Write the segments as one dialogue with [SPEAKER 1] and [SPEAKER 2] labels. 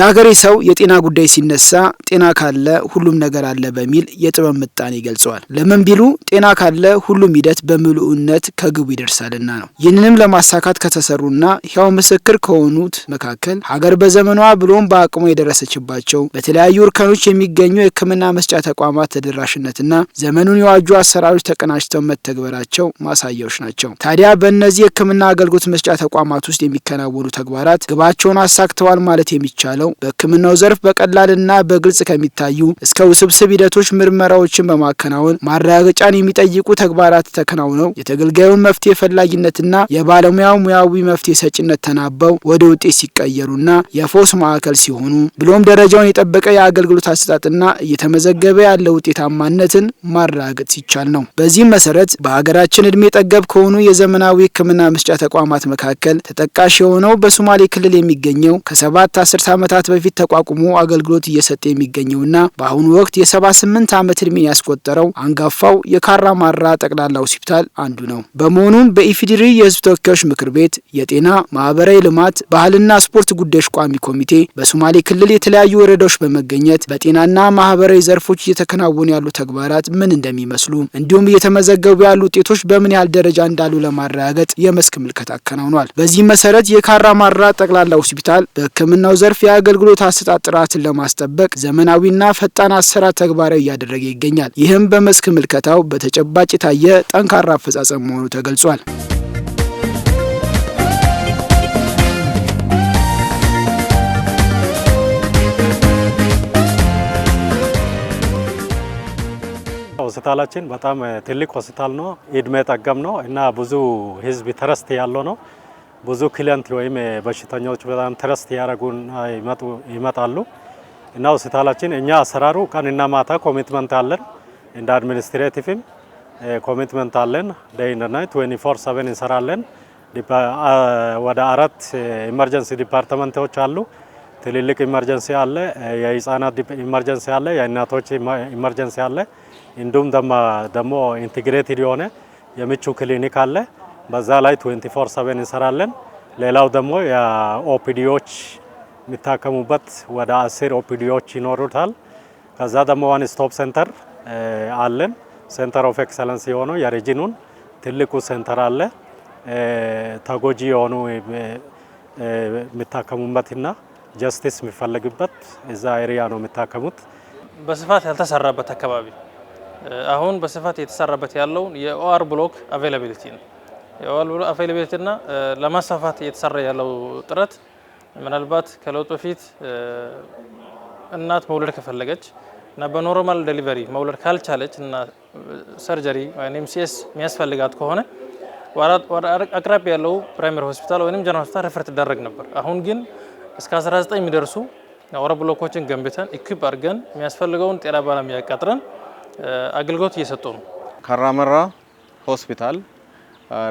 [SPEAKER 1] የሀገሬ ሰው የጤና ጉዳይ ሲነሳ ጤና ካለ ሁሉም ነገር አለ በሚል የጥበብ ምጣኔ ገልጸዋል። ለምን ቢሉ ጤና ካለ ሁሉም ሂደት በምልኡነት ከግቡ ይደርሳልና ነው። ይህንንም ለማሳካት ከተሰሩና ሕያው ምስክር ከሆኑት መካከል ሀገር በዘመኗ ብሎም በአቅሟ የደረሰችባቸው በተለያዩ እርከኖች የሚገኙ የሕክምና መስጫ ተቋማት ተደራሽነትና ዘመኑን የዋጁ አሰራሮች ተቀናጅተው መተግበራቸው ማሳያዎች ናቸው። ታዲያ በእነዚህ የሕክምና አገልግሎት መስጫ ተቋማት ውስጥ የሚከናወኑ ተግባራት ግባቸውን አሳክተዋል ማለት የሚቻለው በሕክምናው ዘርፍ በቀላልና በግልጽ ከሚታዩ እስከ ውስብስብ ሂደቶች ምርመራዎችን በማከናወን ማረጋገጫን የሚጠይቁ ተግባራት ተከናውነው የተገልጋዩን መፍትሄ ፈላጊነትና የባለሙያው ሙያዊ መፍትሄ ሰጭነት ተናበው ወደ ውጤት ሲቀየሩና የፎስ ማዕከል ሲሆኑ ብሎም ደረጃውን የጠበቀ የአገልግሎት አሰጣጥና እየተመዘገበ ያለ ውጤታማነትን ማረጋገጥ ሲቻል ነው። በዚህም መሰረት በሀገራችን እድሜ ጠገብ ከሆኑ የዘመናዊ ሕክምና መስጫ ተቋማት መካከል ተጠቃሽ የሆነው በሶማሌ ክልል የሚገኘው ከሰባት አስርት ዓመታት ከወራት በፊት ተቋቁሞ አገልግሎት እየሰጠ የሚገኘውና በአሁኑ ወቅት የ78 ዓመት ዕድሜን ያስቆጠረው አንጋፋው የካራ ማራ ጠቅላላ ሆስፒታል አንዱ ነው። በመሆኑም በኢፌዴሪ የህዝብ ተወካዮች ምክር ቤት የጤና ማህበራዊ ልማት፣ ባህልና ስፖርት ጉዳዮች ቋሚ ኮሚቴ በሶማሌ ክልል የተለያዩ ወረዳዎች በመገኘት በጤናና ማህበራዊ ዘርፎች እየተከናወኑ ያሉ ተግባራት ምን እንደሚመስሉ እንዲሁም እየተመዘገቡ ያሉ ውጤቶች በምን ያህል ደረጃ እንዳሉ ለማረጋገጥ የመስክ ምልከት አከናውኗል። በዚህ መሰረት ማራ ጠቅላላ ሆስፒታል በህክምናው ዘርፍ የአገልግሎት አሰጣጥ ጥራትን ለማስጠበቅ ዘመናዊና ፈጣን አሰራር ተግባራዊ እያደረገ ይገኛል። ይህም በመስክ ምልከታው በተጨባጭ የታየ ጠንካራ አፈጻጸም መሆኑ ተገልጿል።
[SPEAKER 2] ሆስፒታላችን በጣም ትልቅ ሆስፒታል ነው። እድሜ ጠገም ነው እና ብዙ ህዝብ ተረስት ያለው ነው። ብዙ ክሊንት ወይም በሽተኞች በጣም ትረስት ያደረጉን ይመጣሉ እና ሆስፒታላችን እኛ አሰራሩ ቀንና ማታ ኮሚትመንት አለን። እንደ አድሚኒስትሬቲቭም ኮሚትመንት አለን። ደይንና ትዌንቲ ፎር ሰቨን እንሰራለን። ወደ አራት ኢመርጀንሲ ዲፓርትመንቶች አሉ። ትልልቅ ኢመርጀንሲ አለ፣ የህፃናት ኢመርጀንሲ አለ፣ የእናቶች ኢመርጀንሲ አለ። እንዲሁም ደግሞ ኢንቴግሬትድ የሆነ የምቹ ክሊኒክ አለ። በዛ ላይ 24 7 እንሰራለን። ሌላው ደግሞ የኦፒዲዎች የሚታከሙበት ወደ አስር ኦፒዲዎች ይኖሩታል። ከዛ ደግሞ ዋን ስቶፕ ሴንተር አለን። ሴንተር ኦፍ ኤክሰለንስ የሆነው የሬጂኑን ትልቁ ሴንተር አለ። ተጎጂ የሆኑ የሚታከሙበትና ጀስቲስ የሚፈለግበት እዛ ኤሪያ ነው የሚታከሙት።
[SPEAKER 3] በስፋት ያልተሰራበት አካባቢ አሁን በስፋት የተሰራበት ያለው የኦአር ብሎክ አቬላቢሊቲ ነው። የዋል ብሎ ለማስፋፋት እየተሰራ ያለው ጥረት ምናልባት ከለውጥ በፊት እናት መውለድ ከፈለገች እና በኖርማል ደሊቨሪ መውለድ ካልቻለች እና ሰርጀሪ ወይም ሲኤስ የሚያስፈልጋት ከሆነ አቅራቢ ያለው ፕራይመሪ ሆስፒታል ወይም ጀነራል ሆስፒታል ሪፈር ትደረግ ነበር። አሁን ግን እስከ 19 የሚደርሱ አውራ ብሎኮችን ገንብተን ኢኩፕ አድርገን የሚያስፈልገውን ጤና ባለሙያ ያቃጥረን አገልግሎት እየሰጡ ነው።
[SPEAKER 2] ካራመራ ሆስፒታል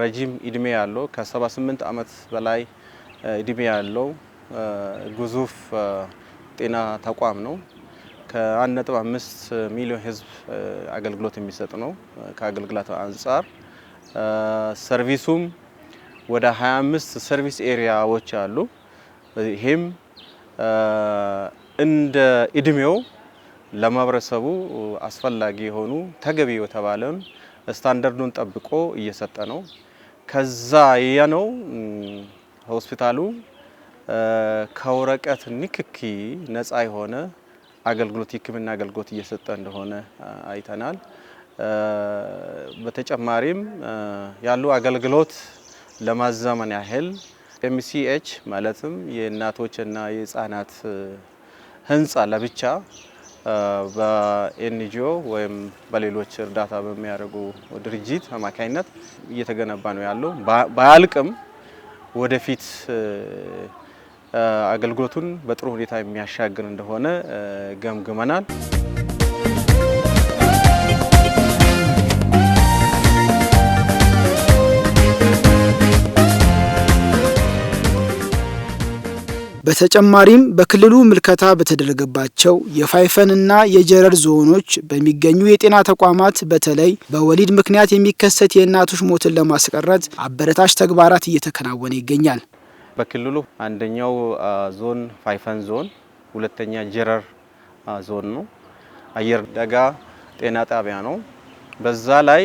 [SPEAKER 2] ረጅም እድሜ ያለው ከ78 ዓመት በላይ እድሜ ያለው ግዙፍ ጤና ተቋም ነው። ከ1.5 ሚሊዮን ህዝብ አገልግሎት የሚሰጥ ነው። ከአገልግሎት አንጻር ሰርቪሱም ወደ 25 ሰርቪስ ኤሪያዎች አሉ። ይህም እንደ እድሜው ለማህበረሰቡ አስፈላጊ የሆኑ ተገቢ የተባለን ስታንዳርዱን ጠብቆ እየሰጠ ነው። ከዛ ነው ሆስፒታሉ ከወረቀት ንክኪ ነጻ የሆነ አገልግሎት የሕክምና አገልግሎት እየሰጠ እንደሆነ አይተናል። በተጨማሪም ያሉ አገልግሎት ለማዘመን ያህል ኤምሲኤች ማለትም የእናቶችና የህፃናት ህንፃ ለብቻ በኤንጂኦ ወይም በሌሎች እርዳታ በሚያደርጉ ድርጅት አማካኝነት እየተገነባ ነው ያለው። ባያልቅም ወደፊት አገልግሎቱን በጥሩ ሁኔታ የሚያሻግር እንደሆነ ገምግመናል።
[SPEAKER 1] በተጨማሪም በክልሉ ምልከታ በተደረገባቸው የፋይፈንና የጀረር ዞኖች በሚገኙ የጤና ተቋማት በተለይ በወሊድ ምክንያት የሚከሰት የእናቶች ሞትን ለማስቀረት አበረታች ተግባራት እየተከናወነ ይገኛል።
[SPEAKER 2] በክልሉ አንደኛው ዞን ፋይፈን ዞን፣ ሁለተኛ ጀረር ዞን ነው። አየር ደጋ ጤና ጣቢያ ነው። በዛ ላይ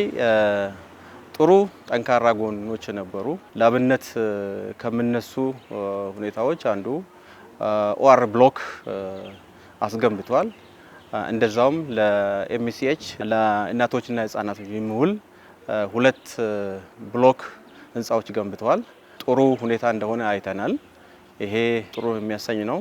[SPEAKER 2] ጥሩ ጠንካራ ጎኖች ነበሩ። ላብነት ከምነሱ ሁኔታዎች አንዱ ኦአር ብሎክ አስገንብቷል። እንደዛውም ለኤምሲኤች ለእናቶችና ህጻናት የሚውል ሁለት ብሎክ ህንፃዎች ገንብተዋል። ጥሩ ሁኔታ እንደሆነ አይተናል። ይሄ ጥሩ የሚያሰኝ ነው።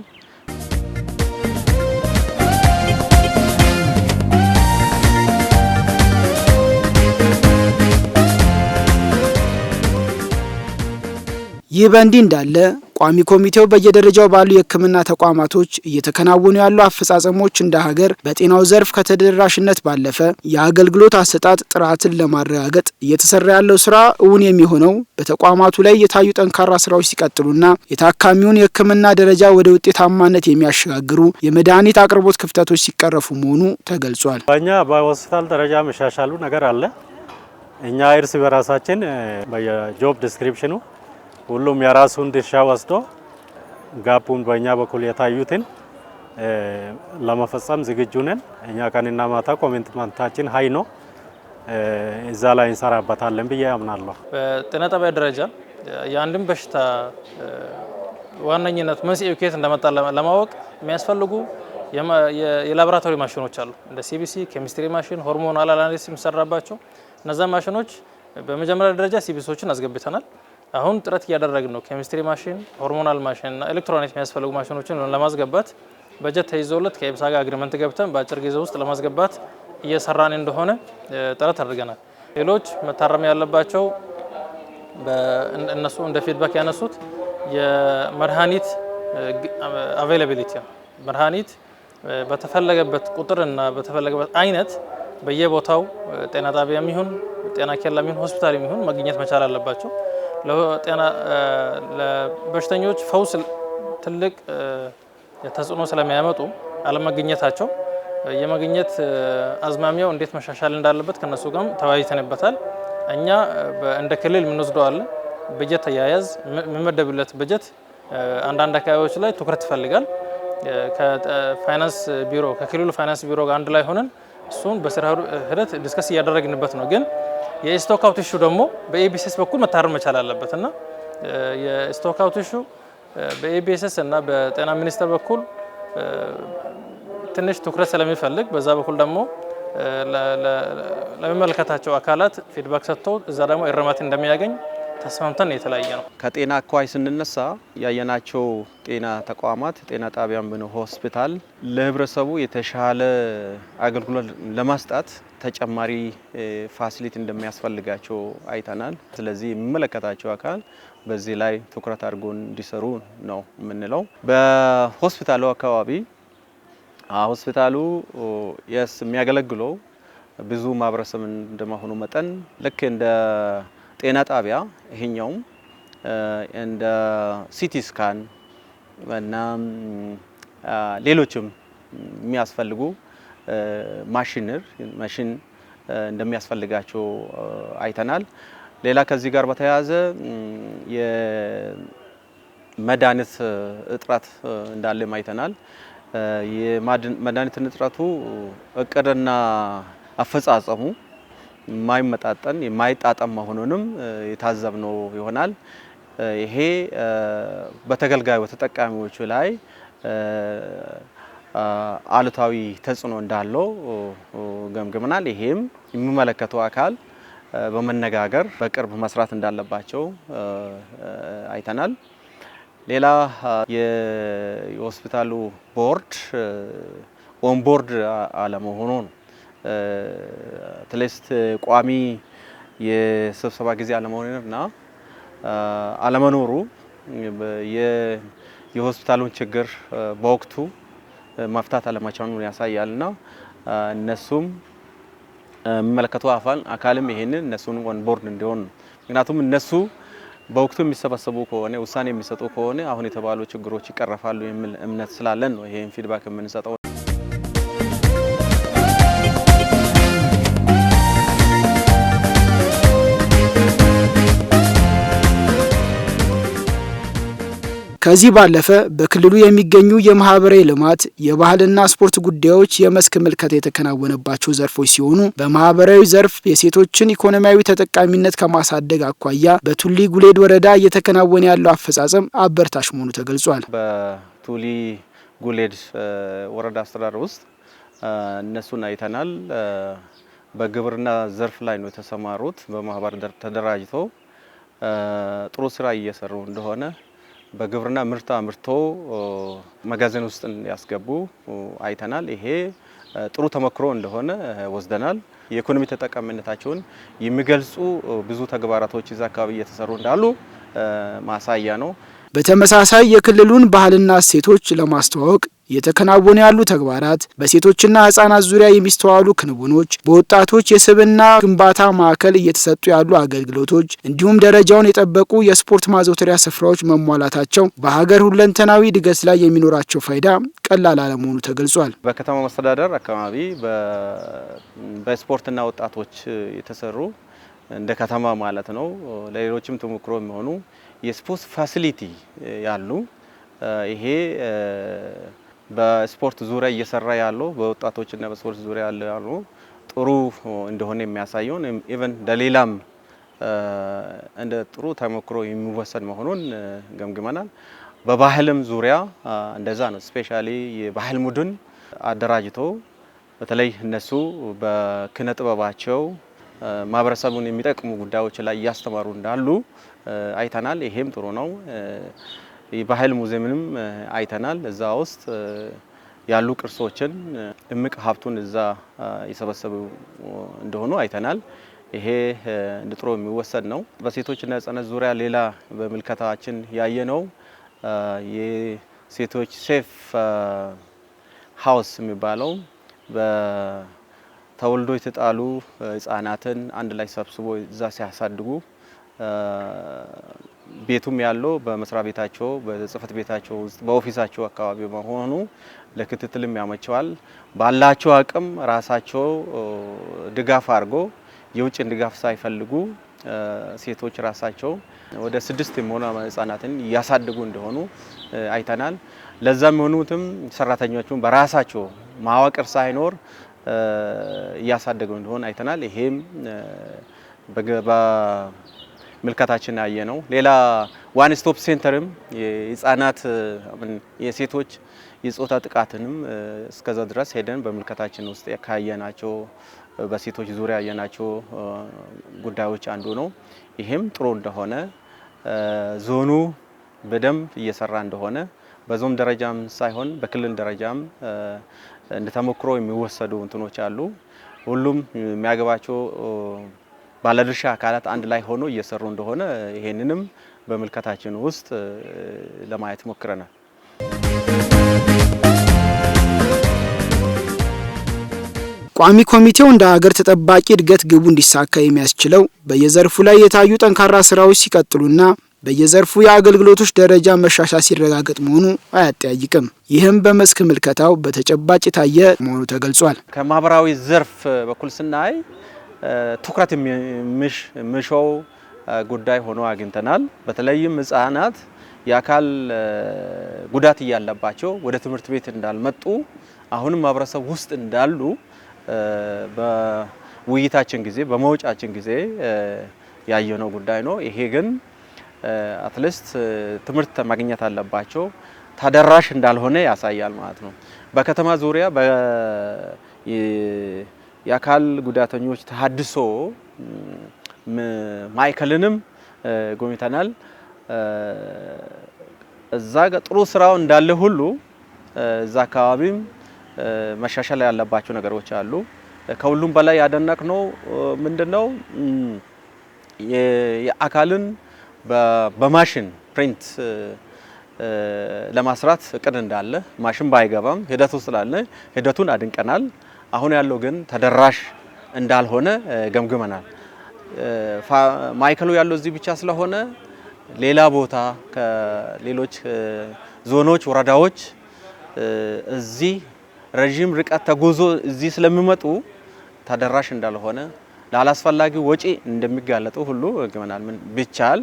[SPEAKER 1] ይህ በእንዲህ እንዳለ ቋሚ ኮሚቴው በየደረጃው ባሉ የሕክምና ተቋማቶች እየተከናወኑ ያሉ አፈጻጸሞች እንደ ሀገር በጤናው ዘርፍ ከተደራሽነት ባለፈ የአገልግሎት አሰጣጥ ጥራትን ለማረጋገጥ እየተሰራ ያለው ስራ እውን የሚሆነው በተቋማቱ ላይ የታዩ ጠንካራ ስራዎች ሲቀጥሉና የታካሚውን የሕክምና ደረጃ ወደ ውጤታማነት የሚያሸጋግሩ የመድኃኒት አቅርቦት ክፍተቶች ሲቀረፉ መሆኑ ተገልጿል።
[SPEAKER 2] በእኛ በሆስፒታል ደረጃ መሻሻሉ ነገር አለ። እኛ እርስ በራሳችን በየጆብ ዲስክሪፕሽኑ ሁሉም የራሱን ድርሻ ወስዶ ጋፑን በእኛ በኩል የታዩትን ለመፈጸም ዝግጁ ነን። እኛ ቀንና ማታ ኮሚትመንታችን ሀይ ነው። እዛ ላይ እንሰራበታለን ብዬ አምናለሁ።
[SPEAKER 3] በጤና ጣቢያ ደረጃ የአንድን በሽታ ዋነኝነት መንስኤው ከየት እንደመጣ ለማወቅ የሚያስፈልጉ የላቦራቶሪ ማሽኖች አሉ። እንደ ሲቢሲ፣ ኬሚስትሪ ማሽን፣ ሆርሞን አላላኒስ የሚሰራባቸው እነዛ ማሽኖች በመጀመሪያ ደረጃ ሲቢሶችን አስገብተናል። አሁን ጥረት እያደረግን ነው። ኬሚስትሪ ማሽን፣ ሆርሞናል ማሽን እና ኤሌክትሮኒክ የሚያስፈልጉ ማሽኖችን ለማስገባት በጀት ተይዞለት ከኤብሳ ጋር አግሪመንት ገብተን በአጭር ጊዜ ውስጥ ለማስገባት እየሰራን እንደሆነ ጥረት አድርገናል። ሌሎች መታረም ያለባቸው እነሱ እንደ ፊድባክ ያነሱት የመድኃኒት አቬይላቢሊቲ ነው። መድኃኒት በተፈለገበት ቁጥር በተፈለገበት አይነት በየቦታው ጤና ጣቢያ የሚሆን ጤና ኬላ የሚሆን ሆስፒታል የሚሆን መግኘት መቻል አለባቸው። ለበሽተኞች ፈውስ ትልቅ ተጽዕኖ ስለሚያመጡ አለመገኘታቸው የመገኘት አዝማሚያው እንዴት መሻሻል እንዳለበት ከነሱ ጋር ተወያይተንበታል። እኛ እንደ ክልል የምንወስደው በጀት ተያያዝ የሚመደብለት በጀት አንዳንድ አካባቢዎች ላይ ትኩረት ይፈልጋል። ከፋይናንስ ቢሮ ከክልሉ ፋይናንስ ቢሮ ጋር አንድ ላይ ሆነን እሱን በስራ ሂደት ዲስከስ እያደረግንበት ነው። ግን የስቶክ አውት ኢሹ ደግሞ በኤቢኤስኤስ በኩል መታረም መቻል አለበት እና የስቶክ አውት ኢሹ በኤቢኤስኤስ እና በጤና ሚኒስቴር በኩል ትንሽ ትኩረት ስለሚፈልግ በዛ በኩል ደግሞ ለሚመለከታቸው አካላት ፊድባክ ሰጥቶ እዛ ደግሞ እርማት እንደሚያገኝ ተስማምተን የተለያየ ነው።
[SPEAKER 2] ከጤና አኳይ ስንነሳ ያየናቸው ጤና ተቋማት ጤና ጣቢያን ብን ሆስፒታል ለህብረተሰቡ የተሻለ አገልግሎት ለማስጣት ተጨማሪ ፋሲሊቲ እንደሚያስፈልጋቸው አይተናል። ስለዚህ የሚመለከታቸው አካል በዚህ ላይ ትኩረት አድርጎ እንዲሰሩ ነው የምንለው። በሆስፒታሉ አካባቢ ሆስፒታሉ የስ የሚያገለግለው ብዙ ማህበረሰብ እንደመሆኑ መጠን ልክ እንደ ጤና ጣቢያ ይሄኛውም እንደ ሲቲ ስካን እና ሌሎችም የሚያስፈልጉ ማሽነር ማሽን እንደሚያስፈልጋቸው አይተናል። ሌላ ከዚህ ጋር በተያያዘ የመድኃኒት እጥረት እንዳለም አይተናል። የመድኃኒትን እጥረቱ እቅድና አፈጻጸሙ የማይመጣጠን የማይጣጠም መሆኑንም የታዘብነው ይሆናል። ይሄ በተገልጋዩ ተጠቃሚዎቹ ላይ አሉታዊ ተጽዕኖ እንዳለው ገምግምናል። ይሄም የሚመለከተው አካል በመነጋገር በቅርብ መስራት እንዳለባቸው አይተናል። ሌላ የሆስፒታሉ ቦርድ ኦንቦርድ አለመሆኑ ነው። ትሌስት ቋሚ የስብሰባ ጊዜ አለመሆንና አለመኖሩ የሆስፒታሉን ችግር በወቅቱ መፍታት አለመቻኑን ያሳያልና እነሱም የሚመለከተው የሚመለከቱ አካልም ይሄንን እነሱን ኦን ቦርድ እንዲሆን ምክንያቱም እነሱ በወቅቱ የሚሰበሰቡ ከሆነ ውሳኔ የሚሰጡ ከሆነ አሁን የተባሉ ችግሮች ይቀረፋሉ የሚል እምነት ስላለን ነው ይሄን ፊድባክ የምንሰጠው።
[SPEAKER 1] ከዚህ ባለፈ በክልሉ የሚገኙ የማህበራዊ ልማት፣ የባህልና ስፖርት ጉዳዮች የመስክ ምልከታ የተከናወነባቸው ዘርፎች ሲሆኑ በማህበራዊ ዘርፍ የሴቶችን ኢኮኖሚያዊ ተጠቃሚነት ከማሳደግ አኳያ በቱሊ ጉሌድ ወረዳ እየተከናወነ ያለው አፈጻጸም አበርታሽ መሆኑ ተገልጿል።
[SPEAKER 2] በቱሊ ጉሌድ ወረዳ አስተዳደር ውስጥ እነሱን አይተናል። በግብርና ዘርፍ ላይ ነው የተሰማሩት። በማህበር ተደራጅተው ጥሩ ስራ እየሰሩ እንደሆነ በግብርና ምርት ምርቶ መጋዘን ውስጥ ያስገቡ አይተናል። ይሄ ጥሩ ተሞክሮ እንደሆነ ወስደናል። የኢኮኖሚ ተጠቃሚነታቸውን የሚገልጹ ብዙ ተግባራቶች እዛ አካባቢ እየተሰሩ እንዳሉ ማሳያ ነው።
[SPEAKER 1] በተመሳሳይ የክልሉን ባህልና እሴቶች ለማስተዋወቅ እየተከናወኑ ያሉ ተግባራት፣ በሴቶችና ህጻናት ዙሪያ የሚስተዋሉ ክንውኖች፣ በወጣቶች የስብና ግንባታ ማዕከል እየተሰጡ ያሉ አገልግሎቶች እንዲሁም ደረጃውን የጠበቁ የስፖርት ማዘውተሪያ ስፍራዎች መሟላታቸው በሀገር ሁለንተናዊ እድገት ላይ የሚኖራቸው ፋይዳ ቀላል አለመሆኑ ተገልጿል።
[SPEAKER 2] በከተማ መስተዳደር አካባቢ በስፖርትና ወጣቶች የተሰሩ እንደ ከተማ ማለት ነው ለሌሎችም ተሞክሮ የሚሆኑ የስፖርት ፋሲሊቲ ያሉ ይሄ በስፖርት ዙሪያ እየሰራ ያለው በወጣቶችና በስፖርት ዙሪያ ያለው ጥሩ እንደሆነ የሚያሳየውን ኢቨን ለሌላም እንደ ጥሩ ተሞክሮ የሚወሰድ መሆኑን ገምግመናል። በባህልም ዙሪያ እንደዛ ነው። ስፔሻሊ የባህል ቡድን አደራጅቶ በተለይ እነሱ በኪነ ጥበባቸው ማህበረሰቡን የሚጠቅሙ ጉዳዮች ላይ እያስተማሩ እንዳሉ አይተናል። ይሄም ጥሩ ነው። የባህል ሙዚየምንም አይተናል። እዛ ውስጥ ያሉ ቅርሶችን እምቅ ሀብቱን እዛ የሰበሰቡ እንደሆኑ አይተናል። ይሄ ንጥሮ የሚወሰድ ነው። በሴቶችና ሕጻናት ዙሪያ ሌላ በምልከታችን ያየ ነው የሴቶች ሴፍ ሀውስ የሚባለው ተወልዶ የተጣሉ ህጻናትን አንድ ላይ ሰብስቦ እዛ ሲያሳድጉ ቤቱም ያለው በመስሪያ ቤታቸው በጽህፈት ቤታቸው ውስጥ በኦፊሳቸው አካባቢ መሆኑ ለክትትልም ያመቸዋል። ባላቸው አቅም ራሳቸው ድጋፍ አድርጎ የውጭን ድጋፍ ሳይፈልጉ ሴቶች ራሳቸው ወደ ስድስት የሚሆኑ ህጻናትን እያሳደጉ እንደሆኑ አይተናል። ለዛ የሆኑትም ሰራተኞቹም በራሳቸው ማዋቅር ሳይኖር እያሳደጉ እንደሆን አይተናል። ይሄም ምልከታችን ያየ ነው። ሌላ ዋን ስቶፕ ሴንተርም የህጻናት የሴቶች የጾታ ጥቃትንም እስከዛ ድረስ ሄደን በምልከታችን ውስጥ ካየናቸው በሴቶች ዙሪያ ያየናቸው ጉዳዮች አንዱ ነው። ይህም ጥሩ እንደሆነ ዞኑ በደንብ እየሰራ እንደሆነ በዞን ደረጃም ሳይሆን በክልል ደረጃም እንደተሞክሮ የሚወሰዱ እንትኖች አሉ። ሁሉም የሚያገባቸው ባለድርሻ አካላት አንድ ላይ ሆኖ እየሰሩ እንደሆነ ይሄንንም በምልከታችን ውስጥ ለማየት ሞክረናል።
[SPEAKER 1] ቋሚ ኮሚቴው እንደ ሀገር ተጠባቂ እድገት ግቡ እንዲሳካ የሚያስችለው በየዘርፉ ላይ የታዩ ጠንካራ ስራዎች ሲቀጥሉና በየዘርፉ የአገልግሎቶች ደረጃ መሻሻል ሲረጋገጥ መሆኑ አያጠያይቅም። ይህም በመስክ ምልከታው በተጨባጭ የታየ መሆኑ ተገልጿል።
[SPEAKER 2] ከማህበራዊ ዘርፍ በኩል ስናይ ትኩረት የሚሻው ጉዳይ ሆኖ አግኝተናል። በተለይም ህጻናት የአካል ጉዳት እያለባቸው ወደ ትምህርት ቤት እንዳልመጡ አሁንም ማህበረሰብ ውስጥ እንዳሉ በውይይታችን ጊዜ በመውጫችን ጊዜ ያየነው ጉዳይ ነው። ይሄ ግን አትሊስት ትምህርት ማግኘት አለባቸው ተደራሽ እንዳልሆነ ያሳያል ማለት ነው። በከተማ ዙሪያ የአካል ጉዳተኞች ተሀድሶ ማዕከልንም ጎብኝተናል። እዛ ጥሩ ስራው እንዳለ ሁሉ እዛ አካባቢም መሻሻል ያለባቸው ነገሮች አሉ። ከሁሉም በላይ ያደነቅ ነው ምንድነው የአካልን በማሽን ፕሪንት ለማስራት እቅድ እንዳለ ማሽን ባይገባም ውስጥ ስላለ ሂደቱን አድንቀናል። አሁን ያለው ግን ተደራሽ እንዳልሆነ ገምግመናል። ማዕከሉ ያለው እዚህ ብቻ ስለሆነ ሌላ ቦታ ከሌሎች ዞኖች፣ ወረዳዎች እዚህ ረዥም ርቀት ተጉዞ እዚህ ስለሚመጡ ተደራሽ እንዳልሆነ ላላስፈላጊ ወጪ እንደሚጋለጡ ሁሉ ገመናል። ብቻል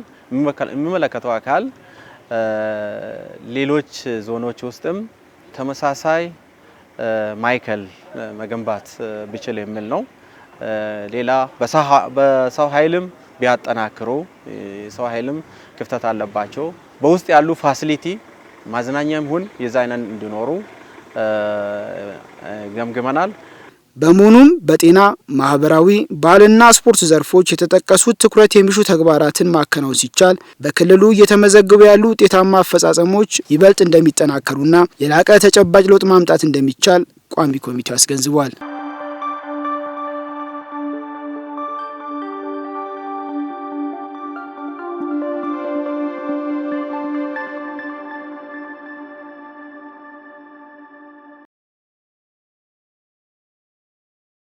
[SPEAKER 2] የሚመለከተው አካል ሌሎች ዞኖች ውስጥም ተመሳሳይ ማይከል መገንባት ብችል የሚል ነው። ሌላ በሰው ኃይልም ቢያጠናክሩ የሰው ኃይልም ክፍተት አለባቸው። በውስጥ ያሉ ፋሲሊቲ ማዝናኛም ሁን የዛይነን እንዲኖሩ ገምግመናል።
[SPEAKER 1] በመሆኑም በጤና ማህበራዊ፣ ባህልና ስፖርት ዘርፎች የተጠቀሱት ትኩረት የሚሹ ተግባራትን ማከናወን ሲቻል በክልሉ እየተመዘገቡ ያሉ ውጤታማ አፈጻጸሞች ይበልጥ እንደሚጠናከሩና የላቀ ተጨባጭ ለውጥ ማምጣት እንደሚቻል ቋሚ ኮሚቴው አስገንዝቧል።